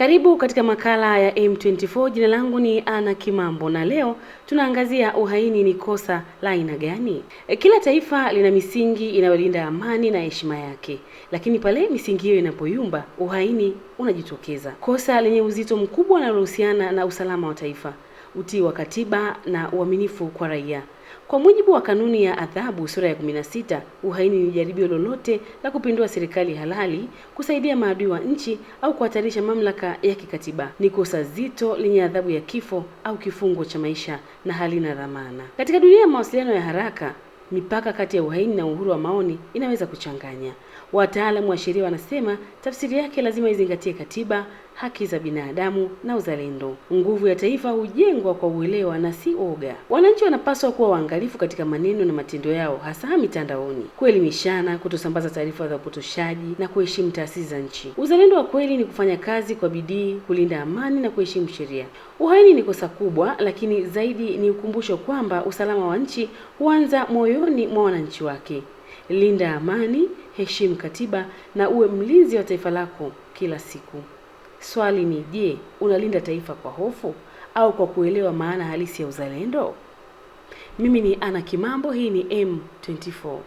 Karibu katika makala ya M24. Jina langu ni Ana Kimambo na leo tunaangazia uhaini ni kosa la aina gani? E, kila taifa lina misingi inayolinda amani na heshima yake, lakini pale misingi hiyo inapoyumba, uhaini unajitokeza, kosa lenye uzito mkubwa linalohusiana na usalama wa taifa, utii wa katiba na uaminifu kwa raia. Kwa mujibu wa kanuni ya adhabu sura ya 16, uhaini ni jaribio lolote la kupindua serikali halali, kusaidia maadui wa nchi au kuhatarisha mamlaka ya kikatiba. Ni kosa zito lenye adhabu ya kifo au kifungo cha maisha na halina dhamana. Katika dunia ya mawasiliano ya haraka, mipaka kati ya uhaini na uhuru wa maoni inaweza kuchanganya. Wataalamu wa sheria wanasema tafsiri yake lazima izingatie katiba, haki za binadamu na uzalendo. Nguvu ya taifa hujengwa kwa uelewa na si oga. Wananchi wanapaswa kuwa waangalifu katika maneno na matendo yao, hasa mitandaoni, kuelimishana, kutosambaza taarifa za upotoshaji na kuheshimu taasisi za nchi. Uzalendo wa kweli ni kufanya kazi kwa bidii, kulinda amani na kuheshimu sheria. Uhaini ni kosa kubwa, lakini zaidi ni ukumbusho kwamba usalama wa nchi huanza moyoni mwa wananchi wake. Linda amani, heshimu katiba na uwe mlinzi wa taifa lako kila siku. Swali ni je, unalinda taifa kwa hofu au kwa kuelewa maana halisi ya uzalendo? Mimi ni Ana Kimambo, hii ni M24.